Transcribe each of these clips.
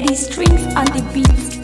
The Strings on the beat.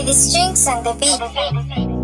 the strings and the beat.